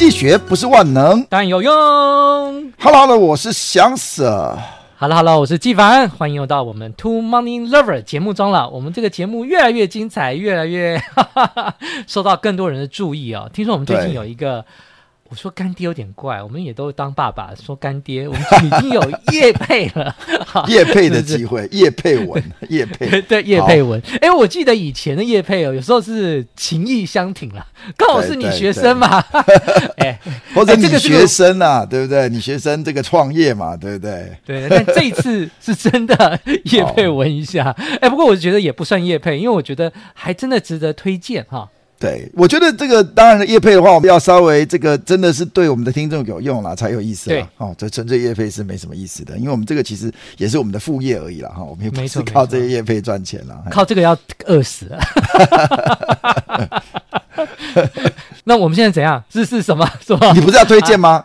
地學不是萬能，但有用。Hello，hello hello, 我是香舍。Hello，Hello，hello, 我是紀凡。歡迎又到我們《Two Money Lover》節目中了。我們這個節目越來越精彩，越來越哈哈哈受到更多人的注意啊、哦！聽說我們最近有一個。我說乾爹有點怪，我們也都當爸爸，說乾爹，我們已經有業配了，業配 的機會，業配 文，業配對業配文。哎 好、欸，我記得以前的業配哦，有時候是情義相挺啦、啊。剛好是你學生嘛，哎對， 欸、或者你學生啊， 對不對？你學生這個創業嘛，對不對？ 對，但這一次是真的業配文一下，哎好、欸，不過我覺得也不算業配，因為我覺得還真的值得推薦哈。對，我覺得這個當然了，業配的話，我們要稍微這個真的是對我們的聽眾有用了才有意思啊。對哦，這純粹業配是沒什麼意思的，因為我們這個其實也是我們的副業而已了哈、哦。我們也不是靠這些業配賺錢了，嗯、靠這個要餓死了。哈哈哈哈哈哈哈。那我們現在怎樣？是是什麼？什麼你不是要推薦嗎？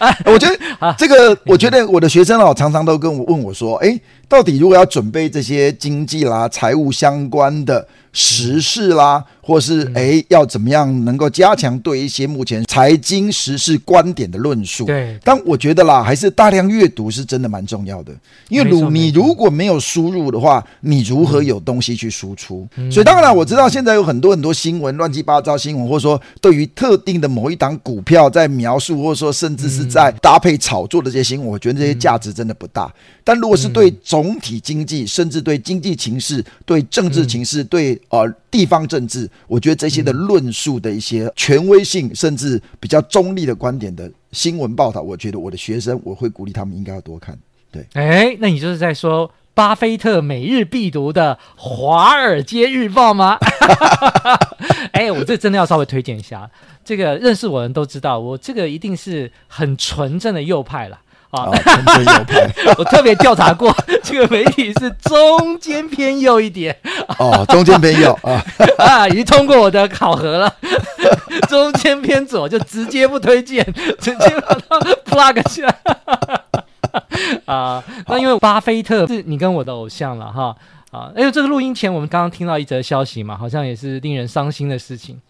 啊、 我覺得、這個、啊，這個我覺得我的學生啊常常都跟我問我說，誒到底如果要準備這些經濟啦、財務相關的時事啦？嗯或是哎、欸，要怎麼樣能夠加強對一些目前財經時事觀點的論述？但我覺得啦，還是大量閱讀是真的蠻重要的。因為如你如果沒有輸入的話，你如何有東西去輸出？所以當然，我知道現在有很多很多新聞亂七八糟新聞，或者說對於特定的某一檔股票在描述，或者說甚至是在搭配炒作的這些新聞，我覺得這些價值真的不大。但如果是對總體經濟，甚至對經濟情勢、對政治情勢、對呃地方政治，我覺得這些的論述的一些權威性，甚至比較中立的觀點的新聞報道，我覺得我的學生我會鼓勵他們應該要多看。對，哎，那你就是在說巴菲特每日必讀的《華爾街日報》嗎？ 哎，我這真的要稍微推薦一下，這個認識我的人都知道，我這個一定是很純正的右派啦。啊， 哦、 我特別調查過，這個媒體是中間偏右一點 哦右。哦，中間偏右啊，啊，已經通過我的考核了。 中間偏左就直接不推薦， 直接把它 plug 下 啊，那好因為巴菲特是你跟我的偶像了哈。啊，哎呦，這個錄音前我們剛剛聽到一則消息嘛，好像也是令人傷心的事情。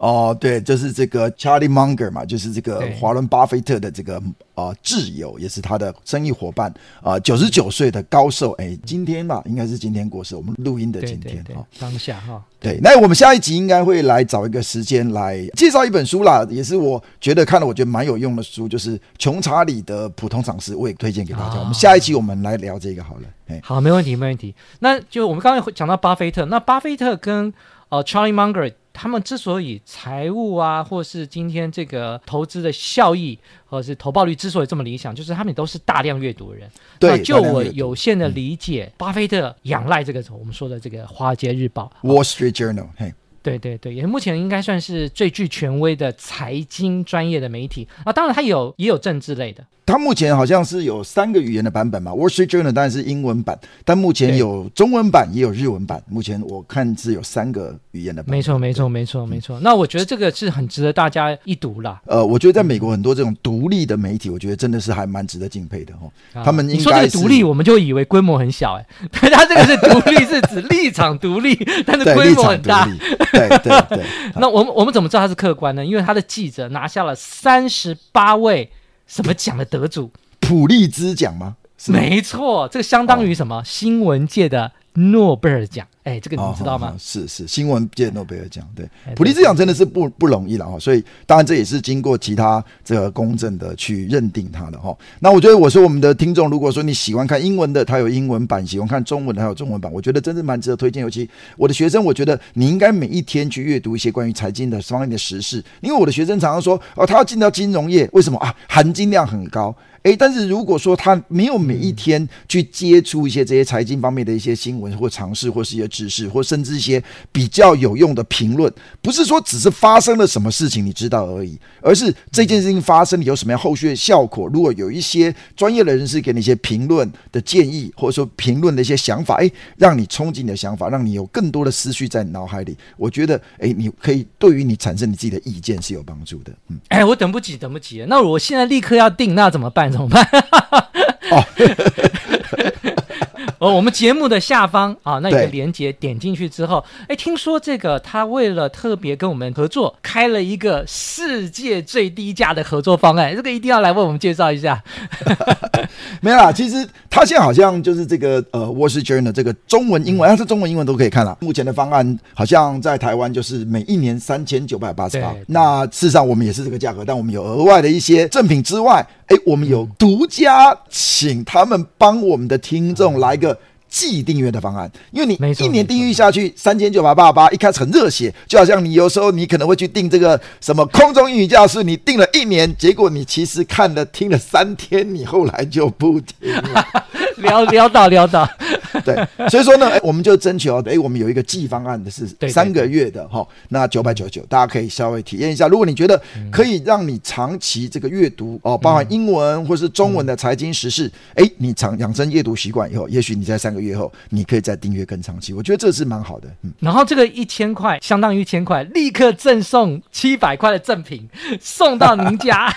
哦，對，就是這個 Charlie Munger 嘛，就是這個華倫巴菲特的這個啊摯、呃、友，也是他的生意夥伴啊，九十九歲的高壽，誒，今天嘛，應該是今天過世，我們錄音的今天啊，當下哈。哦、對，對，那我們下一集應該會來找一個時間來介紹一本書啦，也是我覺得看了我覺得蠻有用的書，就是《窮查理的普通常識》，我也推薦給大家。哦、我們下一期我們來聊這個好了，誒、哦，哎、好，沒問題，沒問題。那就我們剛才講到巴菲特，那巴菲特跟呃 Charlie Munger。他們之所以財務啊，或是今天這個投資的效益，或者是投報率之所以這麼理想，就是他們都是大量閱讀的人。對，那就我有限的理解，巴菲特仰賴這個，嗯，這個我們說的這個《華爾街日報》（Wall Street Journal），哦。嘿。對對對，也目前應該算是最具權威的財經專業的媒體啊，當然它有也有政治類的。它目前好像是有三個語言的版本嘛，Wall Street Journal 當然是英文版，但目前有中文版，對也有日文版。目前我看是有三個語言的版本。沒錯沒錯沒錯沒錯。那我覺得這個是很值得大家一讀啦。呃，我覺得在美國很多這種獨立的媒體，我覺得真的是還蠻值得敬佩的哦。啊、他們應該是你說這個獨立，我們就以為規模很小哎、欸。 他這個是獨立是指立場獨立， 但是規模很大。 對對對， 那我們我們怎麼知道他是客觀呢？因為他的記者拿下了三十八位什麼獎的得主，普立茲獎嗎？是嗎，沒錯，這個相當於什麼、哦、新聞界的。諾貝爾獎，哎、欸，這個你知道嗎？哦哦哦、是是，新聞界諾貝爾獎，哎、對，普利茲獎真的是不不容易了哈。所以，當然這也是經過其他這個公正的去認定它的哈。那我覺得我說我們的聽眾，如果說你喜歡看英文的，它有英文版；喜歡看中文的，它有中文版。我覺得真的蠻值得推薦，尤其我的學生，我覺得你應該每一天去閱讀一些關於財經的方面的時事，因為我的學生常常說，哦，他要進到金融業，為什麼啊？含金量很高。誒，但是如果說他沒有每一天去接觸一些這些財經方面的一些新聞或嘗試或是一些知識或甚至一些比較有用的評論，不是說只是發生了什麼事情你知道而已，而是這件事情發生有什麼樣後續的效果。如果有一些專業人士給你一些評論的建議或者說評論的一些想法，誒，讓你衝擊你的想法，讓你有更多的思緒在你腦海裡，我覺得，誒，你可以對於你產生你自己的意見是有幫助的。嗯，哎，我等不及等不及，那我現在立刻要定，那怎麼辦？怎麼辦？哈哈哈。哦，我們節目的下方啊，那有個連接，點進去之後，哎對，聽說這個他為了特別跟我們合作，開了一個世界最低價的合作方案，這個一定要來為我們介紹一下。 沒有啦，其實他現在好像就是這個呃《Wall Street Journal》這個中文、英文，嗯、它是中文、英文都可以看了。目前的方案好像在台灣就是每一年三千九百八十八。那事實上我們也是這個價格，但我們有額外的一些贈品之外，哎，我們有獨家請他們幫我們的聽眾來個。季訂閱的方案，因為你一年訂閱下去三千九百八十八,八，一開始很熱血，就好像你有時候你可能會去訂這個什麼空中英語教室，你訂了一年，結果你其實看了聽了三天，你後來就不聽了， 聊聊到聊到。聊到 對，所以說呢，哎、欸，我們就徵求，哎、欸，我們有一個季方案的是三個月的哈，那九百九十九，大家可以稍微體驗一下。如果你覺得可以讓你長期這個閱讀哦，包含英文或是中文的財經時事，哎、嗯欸，你長養成閱讀習慣以後，也許你在三個月後，你可以再訂閱更長期。我覺得這是蠻好的。嗯，然後這個一千塊相當於一千塊，立刻贈送七百塊的贈品送到您家，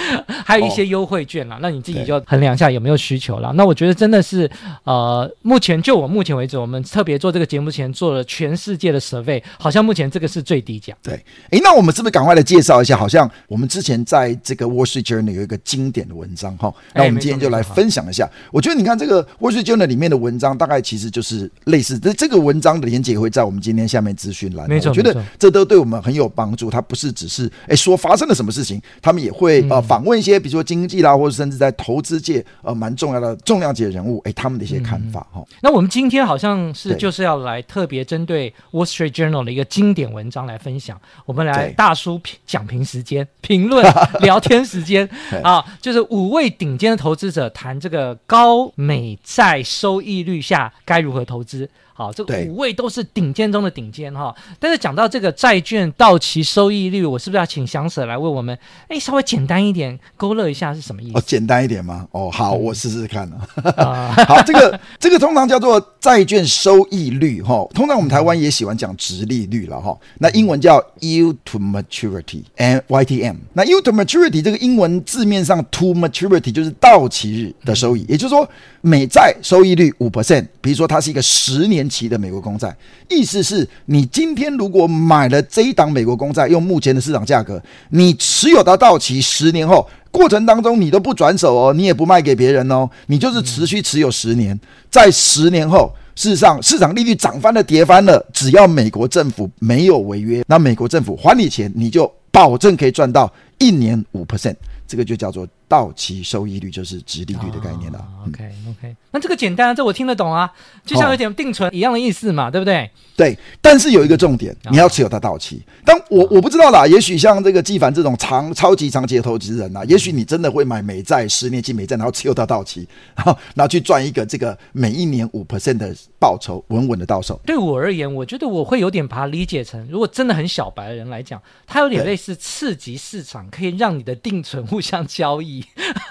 還有一些優惠券啦，哦、那你自己就衡量一下有沒有需求啦。對那我覺得真的是呃。目前就我目前為止，我們特別做這個節目前做了全世界的 survey，好像目前這個是最低價。對，誒、欸。那我們是不是趕快來介紹一下？好像我們之前在這個《Wall Street Journal》有一個經典的文章，哈，那我們今天就來分享一下。欸、我覺得你看這個《Wall Street Journal》裡面的文章，大概其實就是類似這這個文章的連結也會在我們今天下面資訊欄。沒錯錯，沒錯，我覺得這都對我們很有幫助。它不是只是誒、欸、說發生了什麼事情，他們也會呃訪問一些，比如說經濟啦，或者甚至在投資界呃蠻重要的重量級的人物，誒、欸，他們的一些看法。嗯那我們今天好像是就是要來特別針對 Wall Street Journal 的一個經典文章來分享，我們來大叔評講評時間、評論、聊天時間啊，就是五位頂尖的投資者談這個高美債收益率下該如何投資。好，這五位都是頂尖中的頂尖哈。對但是講到這個債券到期收益率，我是不是要請翔 Sir 來為我們哎稍微簡單一點勾勒一下是什麼意思？哦，簡單一點嗎？哦，好，嗯、我試試看。哦、 好，這個這個通常叫做債券收益率哈、哦。通常我們台灣也喜歡講殖利率了哈、哦。那英文叫、Yield、to Maturity, y、t、m, Yield to Maturity Y T M。那 Yield to Maturity 這個英文字面上，To Maturity 就是到期日的收益，嗯、也就是說，美債收益率五 percent，比如說它是一個十年。期的美國公債，意思是你今天如果買了這一檔美國公債，用目前的市場價格，你持有到到期，十年後過程當中你都不轉手哦，你也不賣給別人哦，你就是持續持有十年，在十年後，事實上市場利率漲翻了、跌翻了，只要美國政府沒有違約，那美國政府還你錢，你就保證可以賺到一年五 percent。這個就叫做到期收益率，就是殖利率的概念了。OK OK，那這個簡單啊，這我聽得懂啊，就像有點定存一樣的意思嘛，哦、對不對？對，但是有一個重點，哦、你要持有它到期。哦、但我、哦、我不知道啦，也許像這個紀凡這種長超級長期投資人呐、啊，嗯、也許你真的會買美債十年期美債，然後持有它到期，哦、然後去賺一個這個每一年五 percent 的報酬，穩穩的到手。對我而言，我覺得我會有點把它理解成，如果真的很小白的人來講，它有點類似次級市場，對可以讓你的定存。互相交易，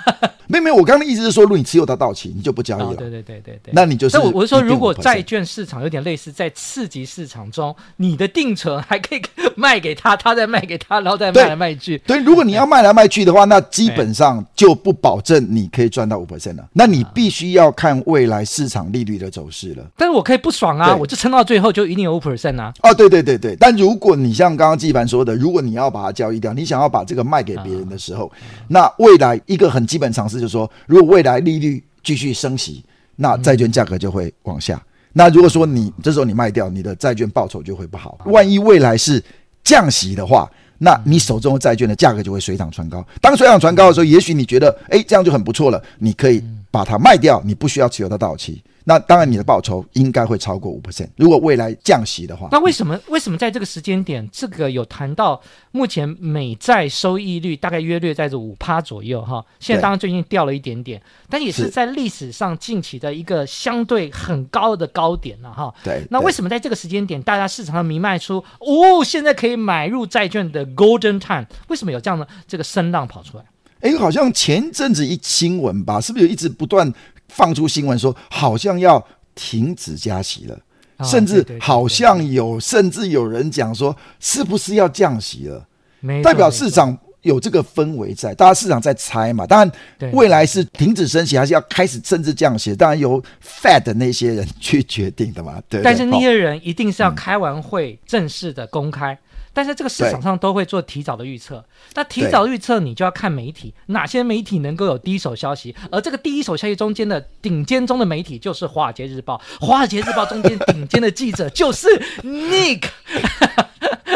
沒有沒，我剛剛的意思是說，如果你持有到到期，你就不交易了。哦、對對對對對，那你就是。那我我是說，如果債券市場有點類似在次級市場中，你的定存還可以賣給他，他再賣給他，然後再賣來賣去對。對，如果你要賣來賣去的話，那基本上就不保證你可以賺到五 percent 了。那你必須要看未來市場利率的走勢了。啊、但是我可以不爽啊，對我就撐到最後就一定有五 percent 啊。哦，對對對對，但如果你像剛剛紀凡,凡說的，如果你要把它交易掉，你想要把這個賣給別人的時候。啊嗯那未來一個很基本常識就是說，如果未來利率繼續升息，那債券價格就會往下。那如果說你這時候你賣掉你的債券，報酬就會不好。萬一未來是降息的話，那你手中的債券的價格就會水漲船高。當水漲船高的時候，也許你覺得誒、欸、這樣就很不錯了，你可以把它賣掉，你不需要持有它到到期。那當然，你的報酬應該會超過五%。如果未來降息的話，那為什麼為什麼在這個時間點，這個有談到目前美債收益率大概約略在這五趴左右哈？現在當然最近掉了一點點，對但也是在歷史上近期的一個相對很高的高點了、啊、哈。對是，那為什麼在這個時間點，大家市場上瀰漫出“對對哦，現在可以買入債券的 Golden Time”，為什麼有這樣的這個聲浪跑出來？哎，好像前陣子一新聞吧，是不是有一直不斷？放出新聞說，好像要停止加息了，哦、甚至好像有，對對對對甚至有人講說，是不是要降息了？沒錯，代表市場有這個氛圍在，沒錯。大家市場在猜嘛。當然，未來是停止升息，還是要開始甚至降息？對對對當然由 Fed 那些人去決定的嘛。對，對，但是那些人一定是要開完會正式的公開。嗯但是這個市場上都會做提早的預測，對那提早預測你就要看媒體，對哪些媒體能夠有第一手消息，而這個第一手消息中間的頂尖中的媒體就是華爾街日報《華爾街日報》，《華爾街日報》中間頂尖的記者就是 Nick，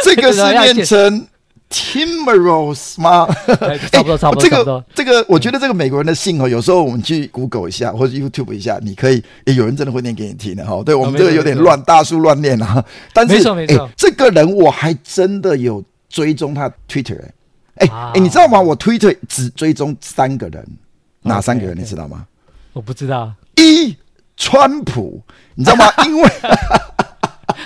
這個是面陳。 Timorous 嗎？差不多，這個，這個，我覺得這個美國人的姓哦，有時候我們去 Google 一下，或者 YouTube 一下，你可以，有人真的會念給你聽的哈。對我們這個有點亂，大叔亂念啊。沒錯，沒錯。這個人我還真的有追蹤他 Twitter。哎，你知道嗎？我 Twitter 只追蹤三個人，哪三個人你知道嗎？我不知道。一川普，你知道嗎？因為。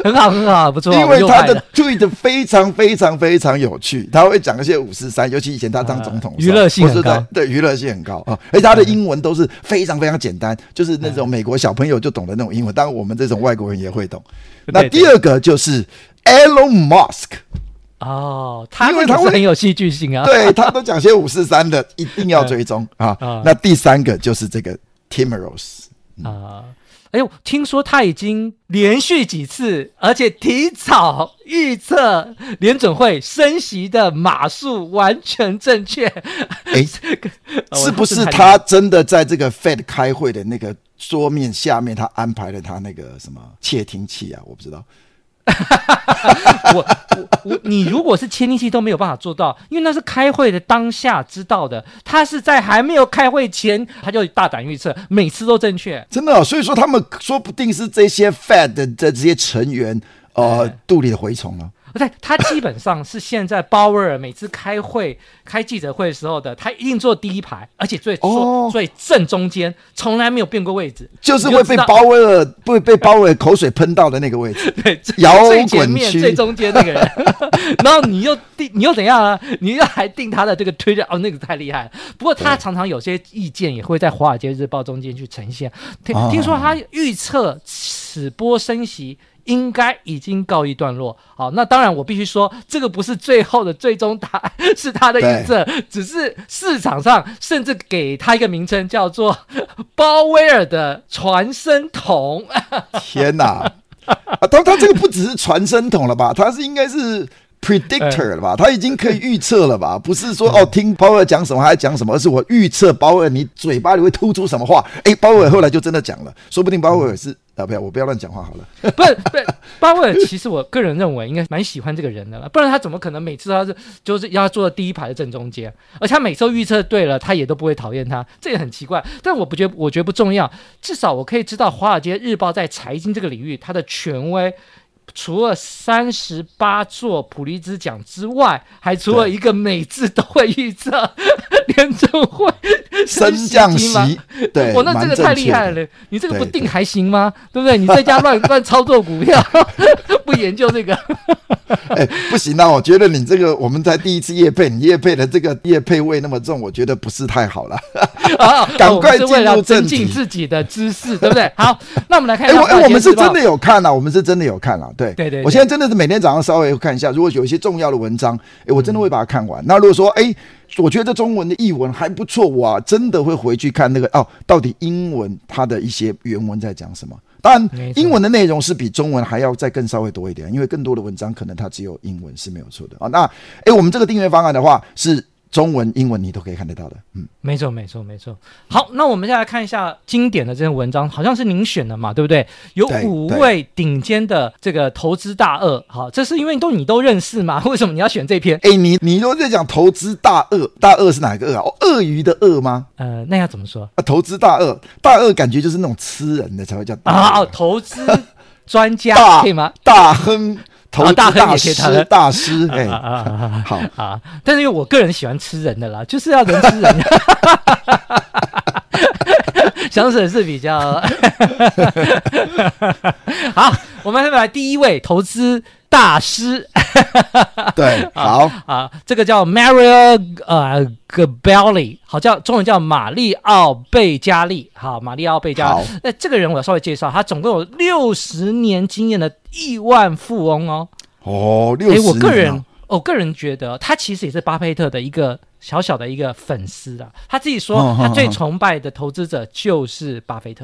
很好，很好，不錯。因為他的 tweet 非常非常非常有趣，他會講一些五四三，尤其以前他當總統，娛樂性很高，對，娛樂性很高啊。而且他的英文都是非常非常簡單，就是那種美國小朋友就懂的那種英文，當然我們這種外國人也會懂。那第二個就是 Elon Musk，哦，他因為他很有戲劇性啊，對，他都講些五四三的，一定要追蹤啊。那第三個就是這個 Timoros 啊。哎呦，聽說他已經連續幾次，而且提早預測聯準會升息的碼數完全正確。哎誒， 哦、這個是不是他真的在這個 Fed 開會的那個桌面下面，他安排了他那個什麼竊聽器啊？我不知道。哈哈哈哈我我我，你如果是千里鏡都沒有辦法做到，因為那是開會的當下知道的，他是在還沒有開會前他就大膽預測，每次都正確，真的、哦。所以說他們說不定是這些 Fed 的這些成員，呃，肚裡的蛔蟲啊。嗯不對，他基本上是現在鮑威爾每次開會 開記者會的時候的，他一定坐第一排，而且最坐、oh, 最正中間，從來沒有變過位置，就是會被鮑威爾 被被鮑威爾口水噴到的那個位置，對，搖滾區、最前面、最中間那個人。 然後你又定你又怎樣呢？你又還定他的這個推特哦，那個太厲害了。不過他常常有些意見也會在《華爾街日報》中間去呈現。對聽聽說他預測。直播升息應該已經告一段落。好，那當然我必須說，這個不是最後的最終答案，是他的預測。對只是市場上甚至給他一個名稱叫做鮑威爾的傳聲筒。天哪、啊 啊，他他這個不只是傳聲筒了吧？他是應該是 predictor 了吧？欸、他已經可以預測了吧？欸、不是說哦，聽鮑威爾講什麼還講什麼，而是我預測鮑威爾你嘴巴裡會吐出什麼話。哎、欸，鮑威爾後來就真的講了，說不定鮑威爾是。啊不要，我不要亂講話好了。 不是，不是鮑威爾，其實我個人認為應該蠻喜歡這個人的了，不然他怎麼可能每次要是就是要坐在第一排的正中間，而且他每次都預測對了，他也都不會討厭他，這也很奇怪。但我不覺得，我覺得不重要，至少我可以知道《華爾街日報》在財經這個領域它的權威。除了三十八座普利茲獎之外，還除了一個每次都會預測，聯準會升降息，對，我那這個太厲害了，你這個不定還行嗎？對不對？你在家亂亂操作股票，不研究這個，不行啊！我覺得你這個我們才第一次業配，你業配的這個業配位那麼重，我覺得不是太好了啊！趕快進入正題，增進自己的知識對不對？好，那我們來看一下。哎，我們是真的有看啊，我們是真的有看啊。對，對對對，我現在真的是每天早上稍微看一下，如果有一些重要的文章，誒我真的會把它看完。嗯、那如果說，誒，我覺得中文的譯文還不錯，我、啊、真的會回去看那個哦，到底英文它的一些原文在講什麼？當然，沒錯。英文的內容是比中文還要再更稍微多一點，因為更多的文章可能它只有英文是沒有錯的啊、哦。那，誒，我們這個訂閱方案的話是。中文、英文你都可以看得到的，嗯，沒錯，沒錯，沒錯。好，那我們再來看一下經典的這篇文章，好像是您選的嘛，對不對？有五位頂尖的這個投資大鱷，好，這是因為都你都認識嗎？為什麼你要選這篇？誒、欸，你你都在講投資大鱷，大鱷是哪個鱷、啊？鱷、哦、鱷魚的鱷嗎？呃，那要怎麼說？啊，投資大鱷，大鱷感覺就是那種吃人的才會叫大鱷、啊啊啊。投資專家 可以嗎？大、大亨。投資大師，大師，啊好啊。但是因為我個人喜歡吃人的啦，就是要人吃人，想死也是比較好。我們來第一位投資。大師， 對，好啊，這個叫 Mario 呃 Gabelli 好，叫中文叫馬里奧貝加利，好，馬里奧貝加利。好那這個人我要稍微介紹，他總共有六十年經驗的億萬富翁哦。哦，六十年，啊欸。我個人，我個人覺得他其實也是巴菲特的一個小小的一個粉絲啊。他自己說，他最崇拜的投資者就是巴菲特。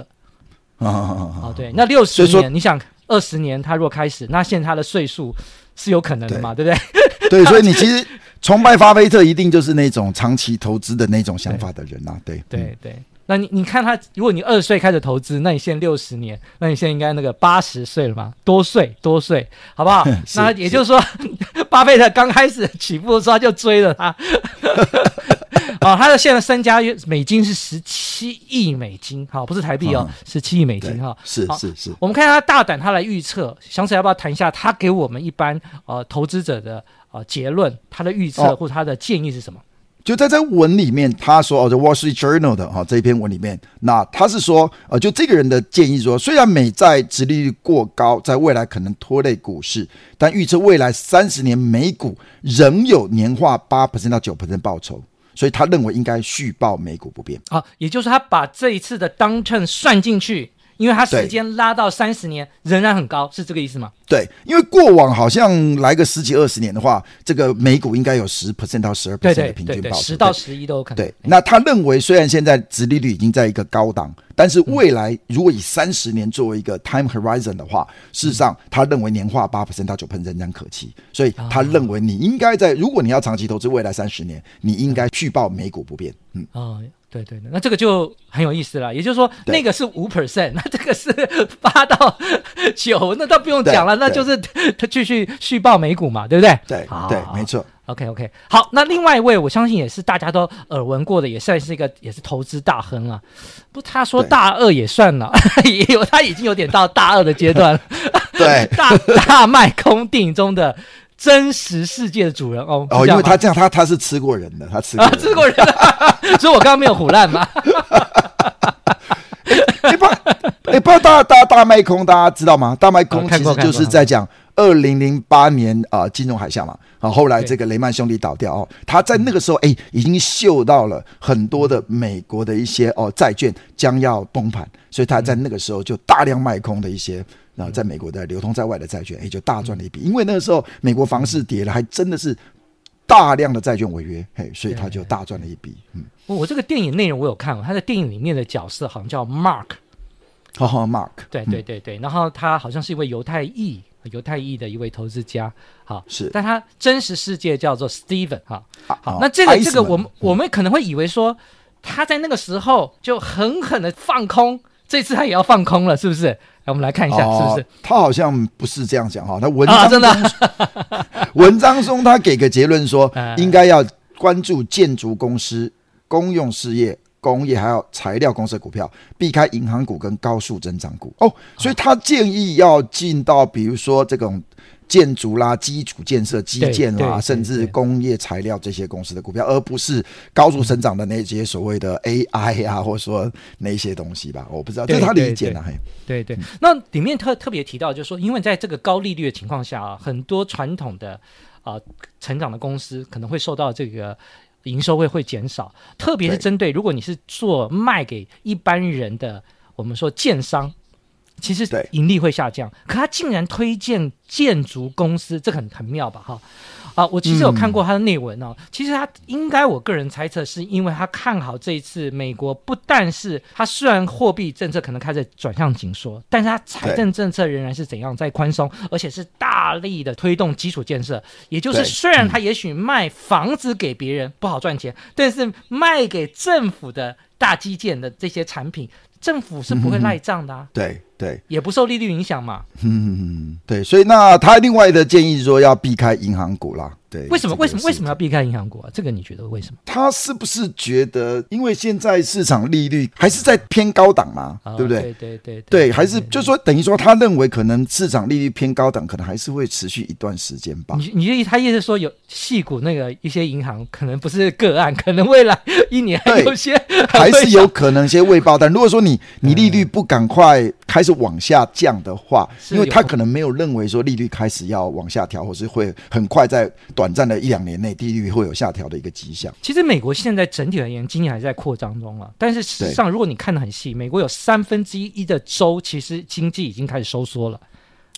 啊，哦哦哦哦哦，對，那六十年，你想二十年，他若開始，那現他，他的歲數是有可能的嘛，對，對不對？對，就所以你其實崇拜巴菲特，一定就是那種長期投資的那種想法的人吶、啊。對，對、嗯、對，對。那你你看他，如果你二十歲開始投資，那你現在六十年，那你現在應該那個八十歲了吧？多歲？多歲？好不好？ 是那也就是說，是 巴菲特剛開始起步的時候他就追了他。 啊、哦，他的現在身家約美金是十七億美金，好，不是台幣哦，十七、嗯、億美金哈。是是是，我們看他大膽，他來預測，想起來要不要談一下他給我們一般呃投資者的呃結論，他的預測、哦、或者他的建議是什麼？就在這文裡面，他說《哦、The Wall Street Journal 的》的、哦、哈這一篇文裡面，那他是說呃，就這個人的建議說，雖然美債殖利率過高，在未來可能拖累股市，但預測未來三十年美股仍有年化八%到九%報酬。所以他認為應該續抱美股不變，好、啊，也就是他把這一次的 downturn 算進去。因為他時間拉到三十年，仍然很高，對是這個意思嗎？對，因為過往好像來個十幾二十年的話，這個美股應該有十 percent 到十二 percent 的平均報酬，十對到十一都有可能。對，哎、對，那他認為雖然現在殖利率已經在一個高檔，但是未來如果以三十年作為一個 time horizon 的話，嗯、事實上他認為年化八 percent 到九 percent 仍然可期，所以他認為你應該在，如果你要長期投資未來三十年，你應該續抱美股不變。嗯、哦對對，對，那這個就很有意思了。也就是說，那個是五 percent，對那這個是八到九，那倒不用講了，對那就是他繼續續抱美股嘛，對不對？對對，沒錯。OK OK，好，那另外一位，我相信也是大家都耳聞過的，也算是一個也是投資大亨了、啊。不，他說大鱷也算了，對 也有他已經有點到大鱷的階段了。對， 大大賣空電影中的。真實世界的主人翁哦，哦，因為他這樣，他他是吃過人的，他吃過人的、啊、吃過人哈 所以我剛剛沒有唬爛嘛。你不知道大家大，大賣空大家知道嗎？大賣空其實就是在講。哦二零零八年啊、呃，金融海嘯嘛，好、啊，後來這個雷曼兄弟倒掉對哦，他在那個時候哎，已經嗅到了很多的美國的一些、嗯、哦債券將要崩盤，所以他在那個時候就大量賣空的一些啊，嗯、然後在美國的流通在外的債券，哎，就大賺了一筆。因為那個時候美國房市跌了，還真的是大量的債券違約，嘿、哎，所以他就大賺了一筆。嗯，我這個電影內容我有看過，他在電影裡面的角色好像叫 Mark，哈哈 Mark，對、嗯、對對對，然後他好像是一位猶太裔。猶太裔的一位投資家，好是，但他真實世界叫做 Steven 哈，好，那這個這個我們、嗯、我們可能會以為說他在那個時候就狠狠的放空，這次他也要放空了，是不是？來，我們來看一下，啊、是不是？他好像不是這樣講哈，他文章中、啊，真的啊、文章中他給個結論說，應該要關注建築公司公用事業、工業還有材料公司的股票，避開銀行股跟高速增長股哦。所以他建議要進到比如說這種建築啦、基礎建設、基建啦，對對對對對，甚至工業材料這些公司的股票，而不是高速成長的那些所謂的 AI 啊，嗯、或者說那些東西吧。我不知道，這是他的意見呢。對對，對，嗯、那裡面特特別提到，就是說，因為在這個高利率的情況下啊，很多傳統的啊、呃、成長的公司可能會受到這個。營收會會減少，特別是針對如果你是做賣給一般人的，對我們說建商，其實盈利會下降。對可他竟然推薦建築公司，這個很、很妙吧，哈。啊，我其實有看過他的內文哦。嗯、其實他應該，我個人猜測，是因為他看好這一次美國，不但是他雖然貨幣政策可能開始轉向緊縮，但是他財政政策仍然是怎樣對在寬鬆，而且是大力的推動基礎建設。也就是雖然他也許賣房子給別人不好賺錢，嗯、但是賣給政府的大基建的這些產品，政府是不會賴賬的啊。對。對，也不受利率影響嘛。嗯嗯嗯，對，所以那他另外的建議是說要避開銀行股啦。對，為什麼？為什麼？為什麼要避開銀行股？啊？這個你覺得為什麼？他是不是覺得，因為現在市場利率還是在偏高檔嘛，嗯、對不對、啊？對對對對，對,對，還是對對對對就是說，等於說他認為可能市場利率偏高檔，可能還是會持續一段時間吧。你你的意，他意思說有矽谷那個一些銀行，可能不是個案，可能未來一年還有些對還，還是有可能一些未爆彈。如果說你你利率不趕快開。是往下降的話，因為他可能沒有認為說利率開始要往下調，或是會很快在短暫的一兩年內利率會有下調的一個跡象。其實美國現在整體而言，言，經濟還是在擴張中了、啊。但是事實際上，如果你看的很細，對美國有三分之一的州其實經濟已經開始收縮了。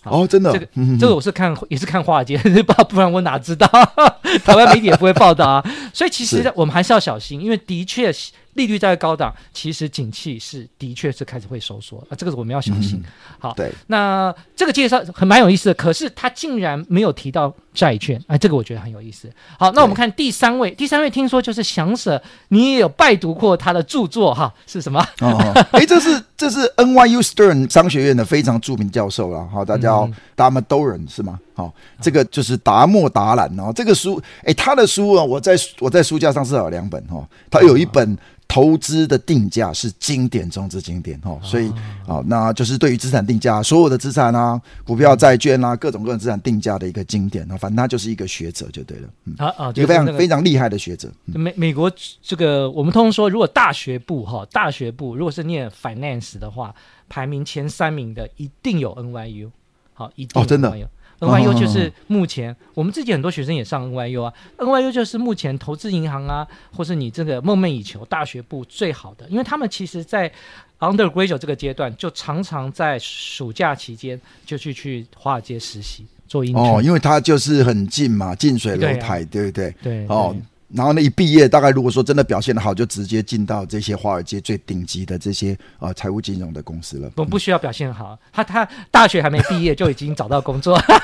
哦，真的？這個、嗯、哼哼這個我是看也是看華爾街日報，不然我哪知道？ 台灣媒體也不會報道啊。 所以其實我們還是要小心，因為的確是。利率在高檔，其實景氣是的確是開始會收縮啊，這個是我們要小心。嗯、好，對那這個介紹很蠻有意思的，可是他竟然沒有提到債券，哎、呃，這個我覺得很有意思。好，那我們看第三位，對第三位聽說就是翔 sir，你也有拜讀過他的著作哈？是什麼？哎哦哦，這是這是 NYU Stern 商學院的非常著名教授了哈、嗯，大家大家都叫他 Damodaran 是嗎？哦，這個就是達莫達蘭哦，然後這個書，哎，他的書啊，我在我在書架上至少有兩本哈，他有一本《投資的定價》是經典中之經典哦，哦，所以，好、哦，那就是對於資產定價，所有的資產啊，股票、債券啊，各種各種資產定價的一個經典，反正他就是一個學者就對了，啊、嗯、啊，啊就是那個、一個非常非常厲害的學者。美美國這個我們通常說，如果大學部哈、哦、大學部如果是念 finance 的話，排名前三名的一定有 NYU，好，一定有 NYU，哦，真的。嗯、N Y U 就是目前、嗯、哼我們自己很多學生也上 N Y U 啊，N Y U 就是目前投資銀行啊，或是你這個夢寐以求大學部最好的，因為他們其實在 undergraduate、er、這個階段，就常常在暑假期間就去去華爾街實習做 int、哦、因為它就是很近嘛，近水樓台，對,啊、對不對？對，對哦。然後那一畢業，大概如果說真的表現的好，就直接進到這些華爾街最頂級的這些呃財務金融的公司了。我不需要表現好，他他大學還沒畢業就已經找到工作。哎、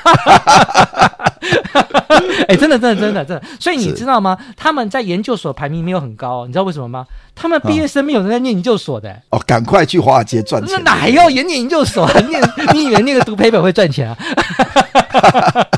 欸，真的真的真的真的。所以你知道嗎？是他們在研究所排名沒有很高，你知道為什麼嗎？他們畢業生命有人在念研究所的。哦，趕快去華爾街賺錢。那哪有要研念研究所啊？念 你以為那個讀 paper 會賺錢啊？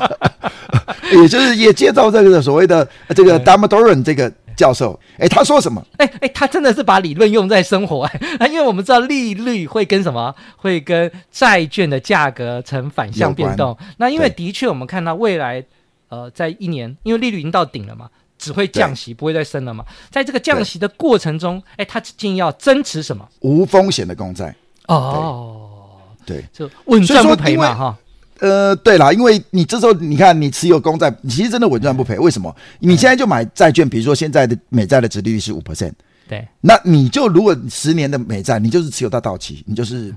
也就是也介紹這個所謂的這個 Damodaran 這個教授，誒、欸、他說什麼？誒誒、欸欸、他真的是把理論用在生活、欸，因為我們知道利率會跟什麼？會跟債券的價格呈反向變動。關那因為的確，我們看到未來，呃，在一年，對因為利率已經到頂了嘛，只會降息，對不會再升了嘛。在這個降息的過程中，誒對、欸、他究竟要增持什麼？無風險的公債。哦，對，哦、對對就穩賺不賠嘛，哈。呃，對了，因為你這時候你看你持有公債，你其實真的穩賺不賠。對為什麼？你現在就買債券，嗯、比如說現在的美債的殖利率是五 percent，對，那你就如果十年的美債，你就是持有到到期，你就是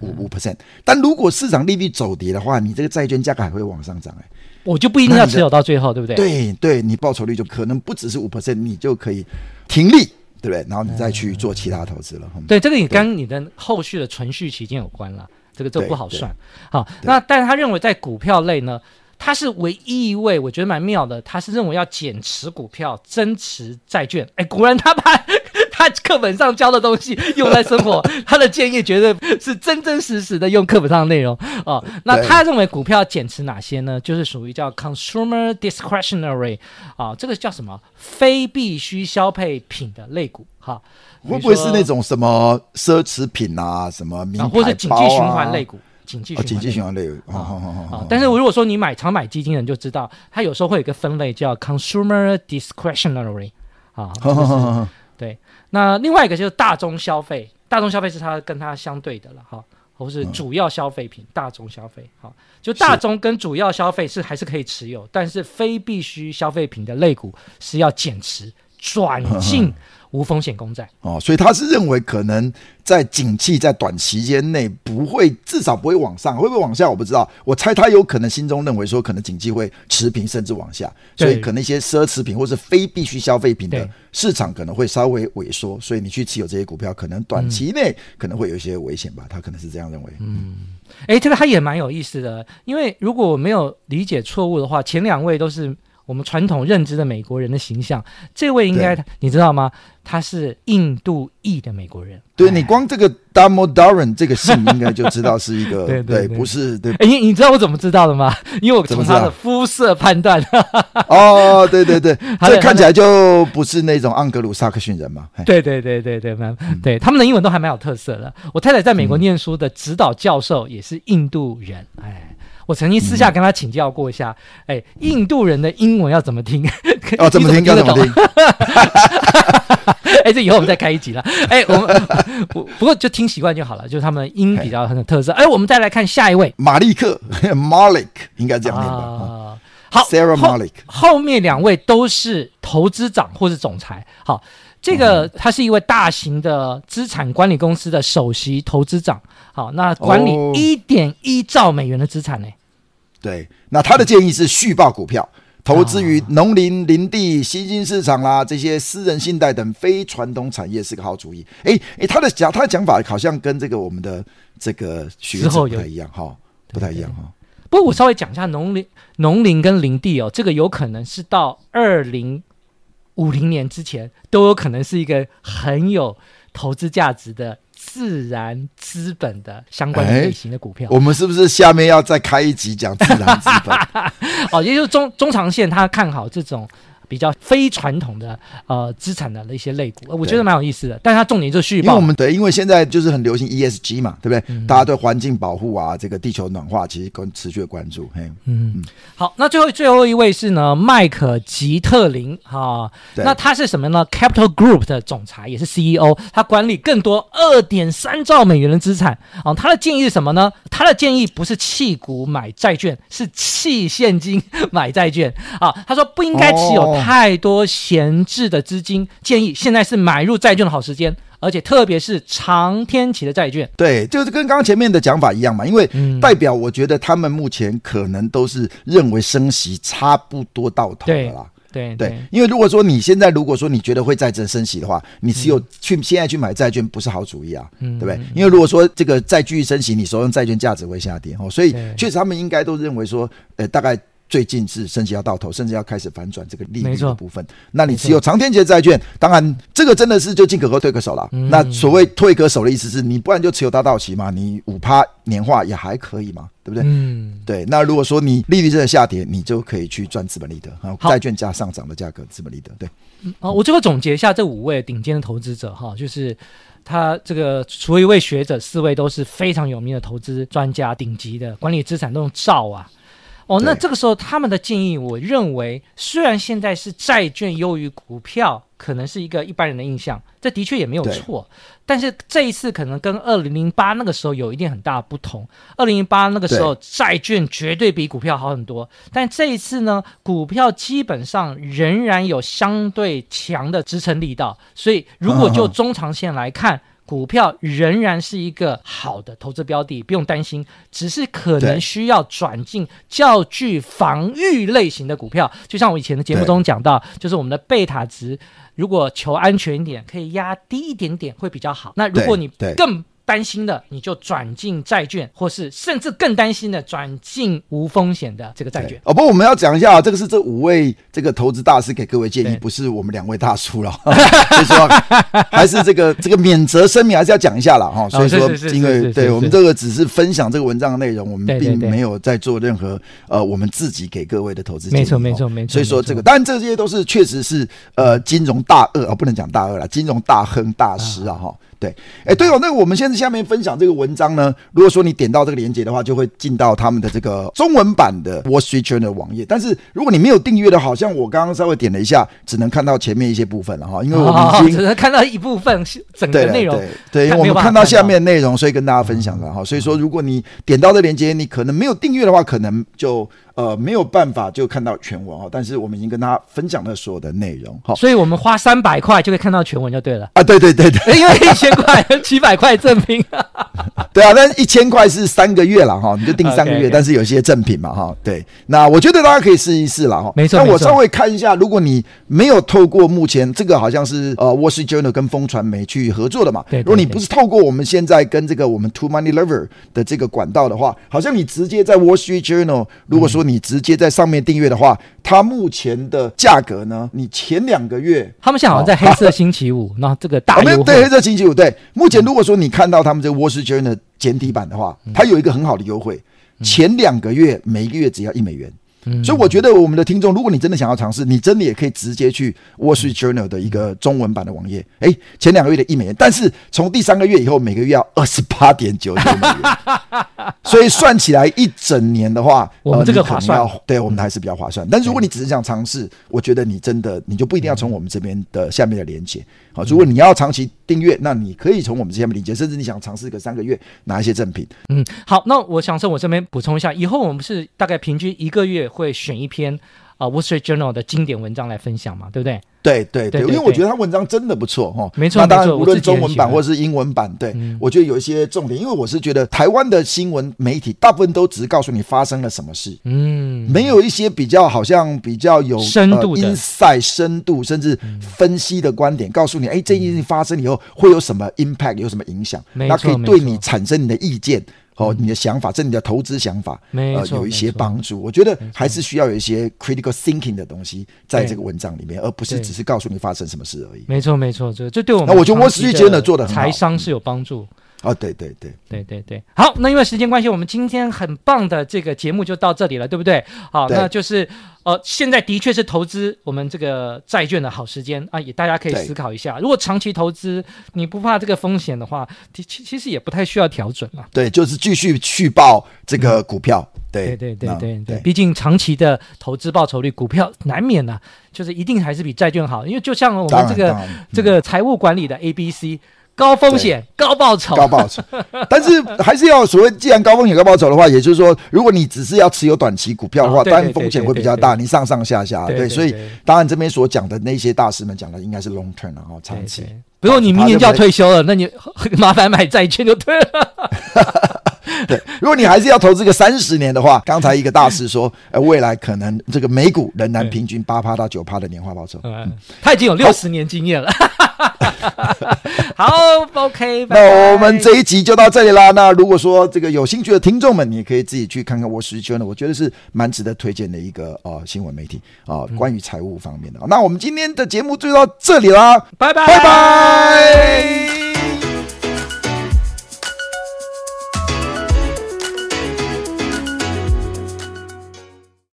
五五 percent。嗯、但如果市場利率走跌的話，嗯、你這個債券價格還會往上漲哎，、欸。我就不一定要持有到最後，對，對不對？對，對你報酬率就可能不只是五 percent，你就可以停利，對不對？然後你再去做其他投資了。嗯嗯、對，這個也跟你的後續的存續期間有關了。這個這個、不好算，好那，但是他認為在股票類呢，對他是唯一一位我覺得蠻妙的，他是認為要減持股票，增持債券。哎，果然他把。他課本上教的東西用在生活， 他的建議絕對是真真實實的用課本上的內容啊、哦。那他認為股票減持哪些呢？對就是屬於叫 consumer discretionary 啊、哦，這個叫什麼非必需消費品的類股哈。會、哦、不會是那種什麼奢侈品啊，什麼名牌包啊？啊或者經濟循環類股，經濟經濟循環類股、哦、但是如果說你買常買基金的人就知道，它有時候會有個分類叫 consumer discretionary 啊。那另外一個就是大宗消費，大宗消費是它跟它相對的了哈，我們是主要消費品，嗯，大宗消費哈，就大宗跟主要消費是還是可以持有，是但是非必需消費品的類股是要減持轉進。呵呵無風險公債哦，所以他是認為可能在景氣在短期間內不會，至少不會往上，會不會往下我不知道。我猜他有可能心中認為說，可能景氣會持平甚至往下，對所以可能一些奢侈品或是非必需消費品的市場可能會稍微萎縮，對所以你去持有這些股票，可能短期內可能會有一些危險吧。嗯，他可能是這樣認為。嗯，誒，這個他也蠻有意思的，因為如果我沒有理解錯誤的話，前兩位都是。我們傳統認知的美國人的形象，這位應該你知道嗎？他是印度裔的美國人。對，你光這個 Damodaran 這個姓應該就知道，是一個對，不是對。你，你知道我怎麼知道的嗎？因為我從他的膚色判斷。哦，對對對，這看起來就不是那種盎格魯撒克遜人嘛。對對對對對對，他們的英文都還蠻有特色的。我太太在美國念書的指導教授也是印度人，哎。我曾經私下跟他請教過一下，哎，印度人的英文要怎麼聽？要、哦、 怎，怎麼聽？怎麼聽？哎，這以後我們再開一集了。哎，我們不不過就聽習慣就好了，就是他們音比較很有特色。哎，我們再來看下一位，馬利克，馬利克應該這樣念吧？啊、好，Sarah Malik。後面兩位都是投資長或是總裁。好，這個他是一位大型的資產管理公司的首席投資長。好，那管理一點一兆美元的資產呢？對，那他的建議是續抱股票，嗯、投資於農林、哦、林地、新興市場啦，這些私人信貸等非傳統產業是個好主意。誒、欸、誒、欸，他的講他的講法好像跟這個我們的這個學者不太一樣哈，不太一樣哈。不過我稍微講一下農林農林跟林地哦，這個有可能是到二零五零年之前都有可能是一個很有投資價值的。自然資本的相關類型的股票、欸，我們是不是下面要再開一集講自然資本？ 哦，也就是中中長線，他看好這種。比較非傳統的呃資產的一些類股，我覺得蠻有意思的。但是他重點就是我們對，因為現在就是很流行 ESG 嘛，對不對？嗯、大家對環境保護啊，這個地球暖化其實更持續的關注。嘿，嗯，嗯，好，那最後最後一位是呢，麥克吉特林哈，啊、對那他是什麼呢？Capital Group 的總裁也是 CEO，他管理更多二點三兆美元的資產啊。他的建議是什麼呢？他的建議不是棄股買債券，是棄現金買債券啊。他說不應該持有。哦哦哦太多閒置的資金，建議現在是買入債券的好時間，而且特別是長天期的債券。對，就是跟剛剛前面的講法一樣嘛，因為代表我覺得他們目前可能都是認為升息差不多到頭了啦。對對,對,對，因為如果說你現在如果說你覺得會在這升息的話，你只有去現在去買債券不是好主意啊，嗯，對不對？因為如果說這個再繼續升息，你手上債券價值會下跌哦，所以確實他們應該都認為說，呃，大概。最近是升息要到頭，甚至要開始反轉這個利率的部分。沒錯，那你持有長天期債券，錯當然這個真的是就進可攻退可守了。嗯、那所謂退可守的意思是你不然就持有大到期嘛，你五趴年化也還可以嘛，對不對？嗯，對。那如果說你利率正在下跌，你就可以去賺資本利得，好，債好券價上漲的價格，資本利得。對、嗯啊。我最後總結一下這五位頂尖的投資者哈，就是他這個除一位學者，四位都是非常有名的投資專家，頂級的管理資產都用兆啊。哦，那這個時候他們的建議，我認為雖然現在是債券優於股票，可能是一個一般人的印象，這的確也沒有錯。對但是這一次可能跟二零零八那個時候有一定很大的不同。二零零八那個時候債券絕對比股票好很多，對但這一次呢，股票基本上仍然有相對強的支撐力道，所以如果就中長線來看。哦哦股票仍然是一個好的投資標的，不用擔心，只是可能需要轉進較具防御類型的股票。對就像我以前的節目中講到，對就是我們的貝塔值，如果求安全一點，可以壓低一點點會比較好。那如果你更，擔心的你就轉進債券，或是甚至更擔心的轉進無風險的這個債券。哦不，我們要講一下，這個是這五位這個投資大師給各位建議，不是我們兩位大叔了。所以說，還是這個這個免責聲明還是要講一下啦。哈。所以說，因為對我們這個只是分享這個文章的內容，我們並沒有在做任何呃，我們自己給各位的投資建議。沒錯沒錯沒錯。所以說這個，當然這些都是確實是呃金融大鱷啊，不能講大鱷啦，金融大亨大師啊哈。對，哎、欸，對哦，那我們現在下面分享這個文章呢。如果說你點到這個鏈接的話，就會進到他們的這個中文版的《Wall Street Journal》網頁。但是如果你沒有訂閱的，好像我剛剛稍微點了一下，只能看到前面一些部分了哈，因為我們已經哦哦哦只能看到一部分整個內容，對，對，因為看我們看到下面內容，所以跟大家分享的哈。所以說，如果你點到這鏈接，你可能沒有訂閱的話，可能就。呃，沒有辦法就看到全文哈，但是我們已經跟大家分享了所有的內容哈，所以我們花三百塊就可以看到全文就對了啊，對對對對，因為、哎、一千塊、幾 百塊贈品， 對啊，但是一千塊是三個月了哈，你就訂三個月，okay, okay. 但是有些贈品嘛哈，對，那我覺得大家可以試一試了哈，沒錯，那我稍微看一下，如果你沒有透過目前這個好像是呃《Wall Street Journal》跟風傳媒去合作的嘛，對,對,對，如果你不是透過我們現在跟這個我們《Two Money Lover》的這個管道的話，好像你直接在《Wall Street Journal》，如果說你、嗯。你直接在上面訂閱的話，它目前的價格呢？你前兩個月，他們現在好像在黑色星期五，那、哦、這個大優惠、啊、對，黑色星期五對。目前如果說你看到他們這個 Wall Street Journal 的簡體版的話，嗯、它有一個很好的優惠，前兩個月每個月只要一美元。嗯。所以我覺得我們的聽眾，如果你真的想要嘗試，你真的也可以直接去 Wall Street Journal 的一個中文版的網頁。誒，前兩個月的一美元，但是從第三個月以後，每個月要二十八點九九美元。 所以算起來一整年的話，我們這個划算，對我們還是比較划算。但是如果你只是想嘗試，我覺得你真的你就不一定要從我們這邊的下面的鏈接。啊，如果你要長期訂閱，那你可以從我們這邊鏈接。甚至你想嘗試一個三個月拿一些贈品。嗯，好，那我想說我這邊補充一下，以後我們是大概平均一個月。會選一篇啊、呃《Wall Street Journal》的經典文章來分享嘛？對不對？對對對，因為我覺得他文章真的不錯哈，哦、沒錯，那當然，無論中文版或者是英文版，我對我覺得有一些重點，因為我是覺得台灣的新聞媒體大部分都只是告訴你發生了什麼事，嗯，沒有一些比較好像比較有深度的 insight、呃、深度，甚至分析的觀點，告訴你，哎，這件事情發生以後會有什麼 impact，有什麼影響，沒錯，那可以對你產生你的意見。哦，你的想法，這你的投資想法，錯呃，有一些幫助。錯我覺得還是需要有一些 critical thinking 的東西在這個文章裡面，對而不是只是告訴你發生什麼事而已。沒錯，沒錯，這這對我們那我覺得沃斯蒂杰做的財商是有幫助。哦，對對對，對對對，好，那因為時間關係，我們今天很棒的這個節目就到這裡了，對不對？好，對那就是呃，現在的確是投資我們這個債券的好時間啊，也大家可以思考一下，對如果長期投資，你不怕這個風險的話，其其實也不太需要調整嘛。對，就是繼續去報這個股票。嗯、對對對對那對，畢竟長期的投資報酬率，股票難免呢、啊，就是一定還是比債券好，因為就像我們這個、嗯、這個財務管理的 A B C。高風險、對高報酬、高報酬，但是還是要所謂，既然高風險高報酬的話，也就是說，如果你只是要持有短期股票的話，當然、啊、風險會比較大，對對對對，你上上下下。對，對，對，對，對，所以當然這邊所講的那些大師們講的應該是 long term 然後、喔、長期。不過你明年就要退休了，那你呵呵麻煩買債券就對了。 如果你還是要投資個三十年的話，剛 才一個大師說，呃，未來可能這個美股仍然平均八趴到九趴的年化報酬，嗯，嗯，他已經有六十年經驗了，好， 好，OK，bye bye，那我們這一集就到這裡啦。那如果說這個有興趣的聽眾們，你可以自己去看看 WSJ 呢？我覺得是蠻值得推薦的一個、呃、新聞媒體啊、呃，關於財務方面的。嗯、那我們今天的節目就到這裡啦，拜拜，拜拜。Bye bye